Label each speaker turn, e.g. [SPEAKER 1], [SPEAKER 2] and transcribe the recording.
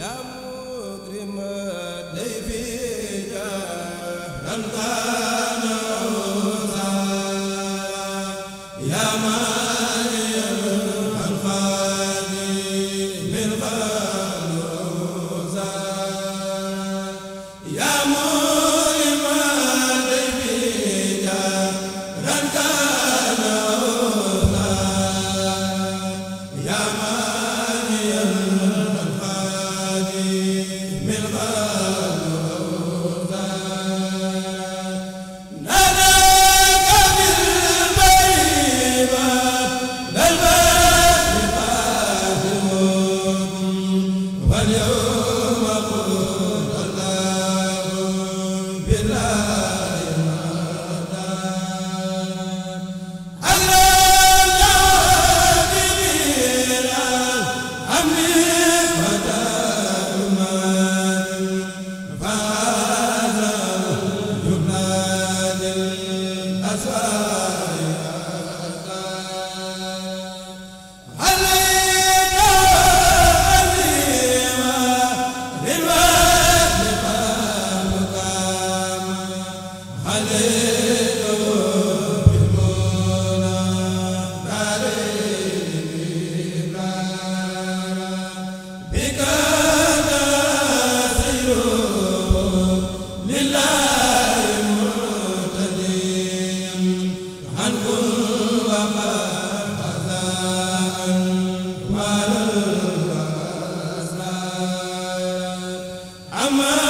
[SPEAKER 1] yaa al ama